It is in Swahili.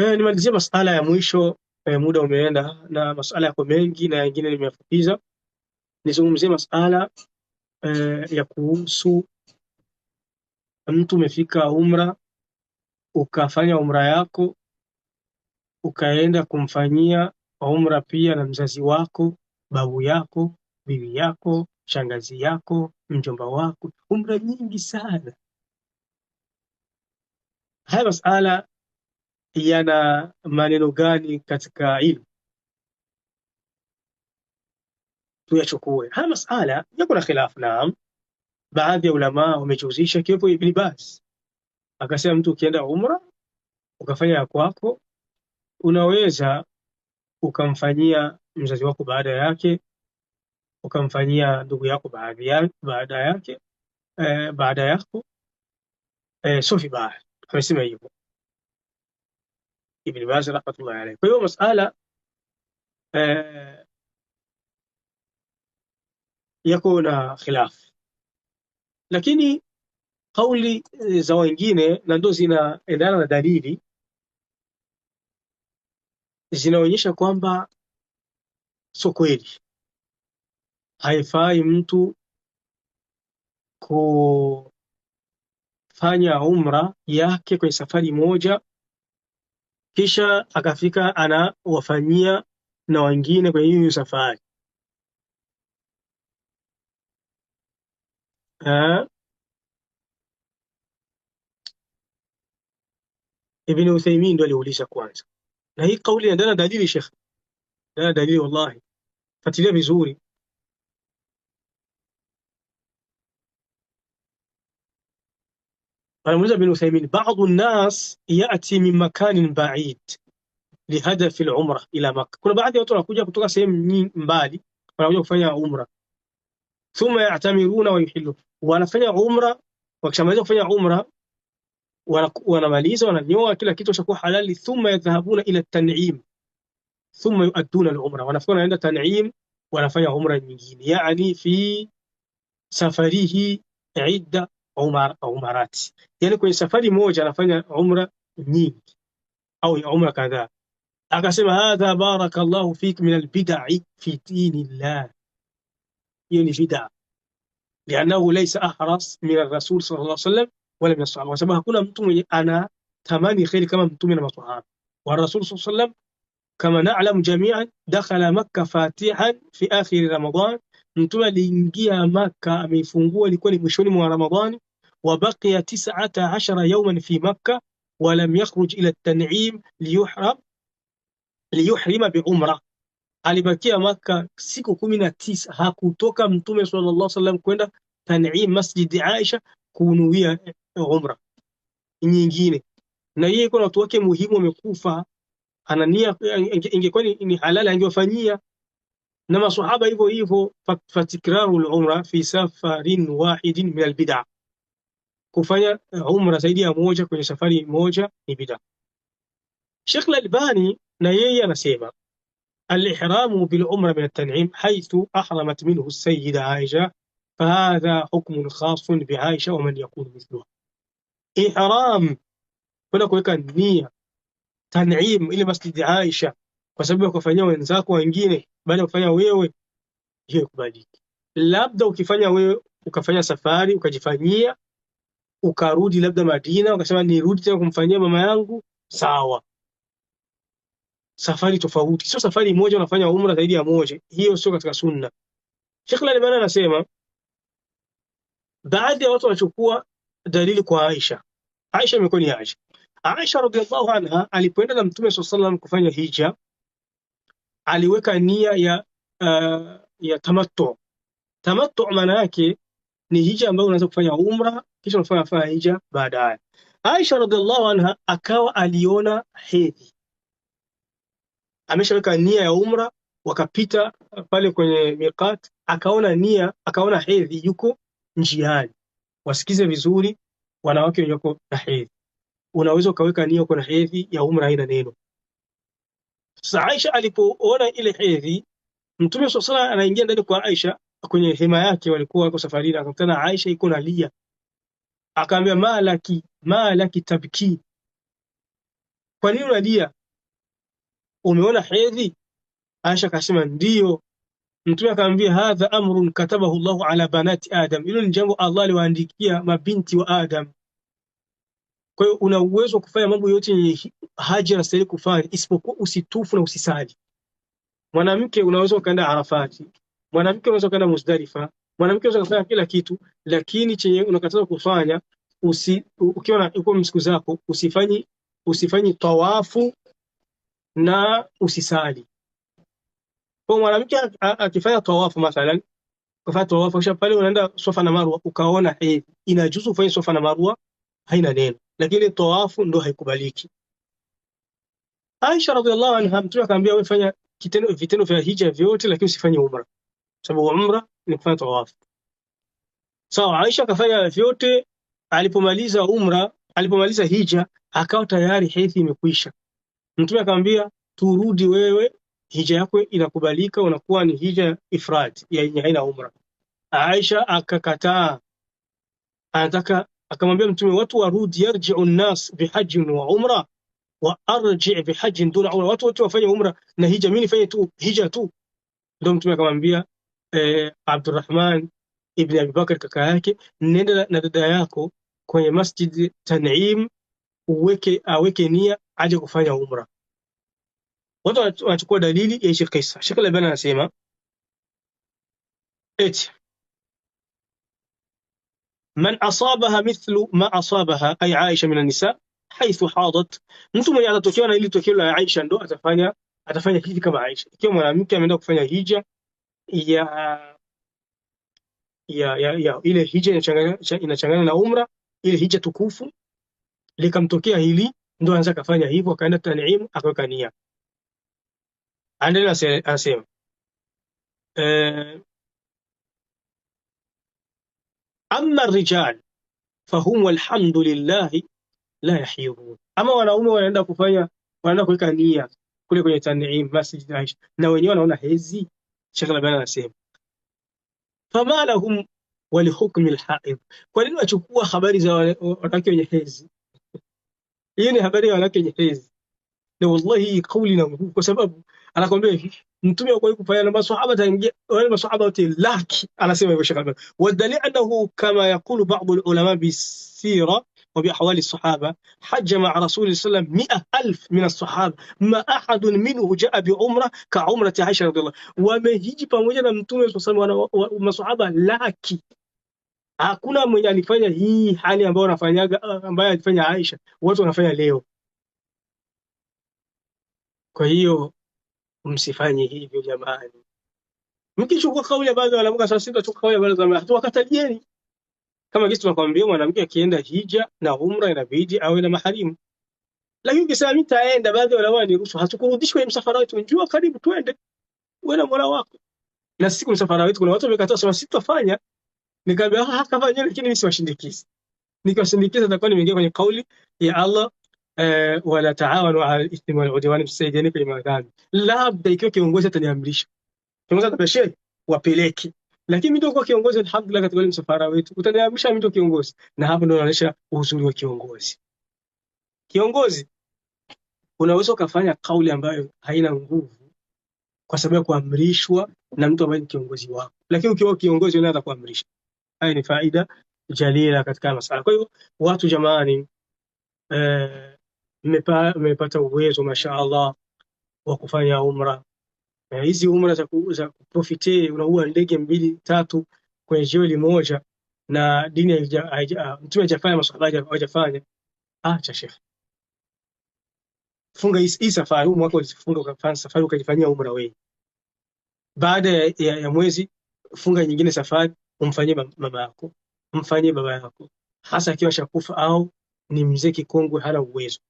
Eh, nimalizia masala ya mwisho eh, muda umeenda na masala yako mengi na yengine nimeyafupiza. Nizungumzie masala eh, ya kuhusu mtu umefika umra ukafanya umra yako ukaenda kumfanyia umra pia na mzazi wako, babu yako, bibi yako, shangazi yako, mjomba wako, umra nyingi sana. Haya masala yana maneno gani katika ilmu, tuyachukue haya masala. Yako na khilafu, naam, baadhi ya ulamaa wamejihusisha, kiwepo Ibn Baz akasema mtu ukienda umra ukafanya ya kwako, unaweza ukamfanyia mzazi wako baada yake, ukamfanyia ndugu yako baadhi yake, baada yako, eh, baada yako eh, sio vibaya. Amesema hivyo Ibn Baz rahmatullahi alayhi. Kwa hiyo masala eh, yako na khilaf, lakini kauli za wengine na ndo zinaendana na dalili zinaonyesha kwamba sio kweli, haifai mtu kufanya umra yake kwenye safari moja kisha akafika anawafanyia na wengine kwenye hiyo safari Ibn Uthaymeen ndo aliuliza kwanza, na hii kauli ndana dalili shekhe, ndana dalili wallahi, fatilia vizuri. Anamuuliza Ibn Uthaymin, baadhu nnas yati min makanin baid lihadafi lumra ila Makka, kuna baadhi ya watu wanakuja kutoka sehemu mbali, wanakuja kufanya umra. Thumma yatamiruna wa wanafanya umra, wakishamaliza kufanya umra wanamaliza wananyoa, kila kitu chakuwa halali. Thumma yadhhabuna ila tan'im, thumma yuadduna al wanafika wanaenda tan'im, wanafanya umra nyingine, yani fi safarihi idda umar au umarati, yaani kwenye safari moja anafanya umra nyingi au umra kadhaa. Akasema hadha barakallahu fik min albidai fi dinillah, hiyo ni bidaa liannahu laisa ahras min alrasul sallallahu alaihi wasallam wala min asahaba, kwa sababu hakuna mtu mwenye anatamani kheri kama Mtume na masahaba wa rasul sallallahu alaihi wasallam kama nalamu jamian dakhala Makka fatihan fi akhiri Ramadan, Mtume aliingia Makka ameifungua, ilikuwa ni mwishoni mwa Ramadhani وبقي تسعة عشر يوما في مكة ولم يخرج إلى التنعيم ليحرم ليحرم بعمرة alibakia Maka siku kumi na tisa. Hakutoka Mtume sallallahu alaihi wasallam kwenda Tanim, Masjid Aisha kunuia umra nyingine, na yeye kuna watu wake muhimu wamekufa, anania ingekuwa ni halali angewafanyia na maswahaba hivyo hivyo. Fatikraru al-umra fi safarin wahidin min al-bid'a, kufanya umra zaidi ya moja kwenye safari moja ni bida. Sheikh Al-Albani na yeye anasema al-ihramu bil umra min at-tan'im haythu ahramat minhu as-sayyida Aisha fahadha hukmun khasun bi Aisha wa man yaqul mithluha. Ihram kuna kuweka nia tan'im ile masjid Aisha kwa sababu ya kufanyia wenzako wengine baada ya kufanya wewe, hiyo kubadiliki. Labda ukifanya wewe ukafanya safari ukajifanyia ukarudi labda Madina ukasema nirudi tena kumfanyia mama yangu, sawa. Safari tofauti, sio safari moja, unafanya umra zaidi ya moja, hiyo sio katika sunna. Sheikh Al-Albani anasema baadhi ya watu wanachukua dalili kwa Aisha. Aisha imekuwa ni Aisha. Aisha radhiallahu anha alipoenda na Mtume swalla sallam kufanya hija, aliweka nia ya uh, ya tamattu. Tamattu maana yake ni hija ambayo unaweza kufanya umra kisha mfanya fanya hija baadaye. Aisha radhiallahu anha akawa aliona hedhi, ameshaweka nia ya umra, wakapita pale kwenye miqat, akaona nia, akaona hedhi yuko njiani. Wasikize vizuri, wanawake wenye wako na hedhi, unaweza ukaweka nia uko na hedhi ya umra, haina neno. Sasa Aisha alipoona ile hedhi, Mtume swalla anaingia ndani kwa Aisha kwenye hema yake, walikuwa wako safarini, akakutana Aisha iko na lia Akaambia malaki malaki tabki, kwa nini unalia? Umeona hedhi? Aisha akasema ndiyo. Mtume akamwambia hadha amrun katabahu Allahu ala banati Adam, hilo ni jambo Allah aliwaandikia mabinti wa Adam. Kwa hiyo una uwezo wa kufanya mambo yote yenye haja na stahili kufanya, isipokuwa usitufu na usisali. Mwanamke unaweza ukaenda Arafati, mwanamke unaweza ukaenda Muzdalifa, Mwanamke anaweza kufanya kila kitu, lakini chenye unakataza kufanya usi, ukiwa na uko msiku zako usifanyi usifanyi tawafu na usisali. Kwa mwanamke akifanya tawafu mathalan, kafanya tawafu kisha pale unaenda Swafa na Marwa ukaona hey, eh, inajuzu ufanye Swafa na Marwa, haina neno, lakini tawafu ndo haikubaliki. Aisha radhiallahu anha, mtume akamwambia wewe fanya kitendo vitendo vya hija vyote, lakini usifanye umra, sababu umra ni kufanya tawafu. Sawa, so, Aisha akafanya vyote, alipomaliza umra, alipomaliza hija akawa tayari hedhi imekwisha. Mtume akamwambia turudi wewe, hija yako inakubalika, unakuwa ni hija ifrad, yenye haina umra. Aisha akakataa, anataka akamwambia Mtume watu warudi, yarjiu nnas bihajin wa umra wa arji bihajin duna umra, watu wote wafanye umra na hija, mimi nifanye tu hija tu. Ndio Mtume akamwambia عبد الرحمن ابن أبي بكر كاكاك نندا ندداياكو كوني مسجد تنعيم ويكي أويكي نية عجي كفاية عمره ودو أتكوى دليل إيش القصة شكل بنا نسيما إيش من أصابها مثل ما أصابها أي عائشة من النساء حيث حاضت نتو من يعطى توكيونا إلي توكيونا عائشة ندو أتفانيا أتفانيا كيف كما عائشة كيف من أمكا من دوك فانيا هيجا ya ya, ya, ya ile hija inachangana na umra, ile hija tukufu. Likamtokea hili, ndo anza akafanya hivyo, akaenda Tan'im akaweka nia. Andele asema eh, amma rijal fahum walhamdulillahi la yahidhun, ama wanaume wanaenda kufanya wanaenda kuweka nia kule kwenye Tan'im masjid Aisha, na wenyewe wanaona hezi Sheikh Albani anasema fama lahum walihukmi lhaidh, kwa nini wachukua habari za wanawake wenye hedhi? Hiyo ni habari ya wanawake wenye hedhi, na wallahi hii kauli na nguvu, kwa sababu anakwambia hivi mtume kwa kufanya na maswahaba taingia wale maswahaba wote laki, anasema hivyo Sheikh Albani, wadali annahu kama yaqulu ba'd alulama bisira وبأحوال الصحابة حج مع رسول صلى الله عليه وسلم مئة ألف من الصحابة ما أحد منه جاء بعمرة كعمرة عائشة رضي الله wamehiji pamoja na mtume masahaba laki hakuna mwenye alifanya hii hali ambayo anafanyaga ambayo alifanya Aisha watu wanafanya leo kwa hiyo msifanye hivyo jamani mkichukua kauli ambazo walamuka sasa sitachukua kauli ambazo wakatalieni kama jinsi tunakwambia mwanamke akienda hija na umra inabidi awe na maharimu. Lakini ukisema mimi taenda, baadhi ya walamaa niruhusu, hatukurudishi kwenye msafara wetu, njoo karibu twende, Wewe na mola wako. Na siku msafara wetu kuna watu wamekataa, sema sisi tutafanya. Nikaambia ah, ah, kafanya, lakini mimi siwashindikizi. Nikiwashindikiza nitakuwa nimeingia kwenye kauli ya Allah eh, wala taawanu ala al-ithmi wal udwan, msaidieni kwenye madhambi, labda ikiwa kiongozi ataniamrisha, kiongozi atabashiri wapeleke lakini mtu kwa kiongozi alhamdulillah, katika ile msafara wetu utaniamsha mtu kiongozi, na hapo ndio naonesha uzuri wa kiongozi. Kiongozi unaweza ukafanya kauli ambayo haina nguvu kwa sababu ya kuamrishwa na mtu ambaye ni kiongozi wako, lakini ukiwa kiongozi unaweza kuamrisha. Haya ni faida jalila katika masala. Kwa hiyo watu jamani, eh, mmepata eh, uwezo mashaallah wa kufanya umra Eh, hizi eh, umra za, za kuprofite unaua ndege mbili tatu kwenye jeo moja na dini ah, mtume hajafanya, masahaba hawajafanya. Acha ah, shekhe, funga hii safari, huu mwaka ulifunga ukafanya safari ukajifanyia umra wewe, baada ya, ya, ya mwezi funga nyingine safari, umfanyie mama yako, mfanyie baba yako, hasa akiwa shakufa au ni mzee kikongwe, hana uwezo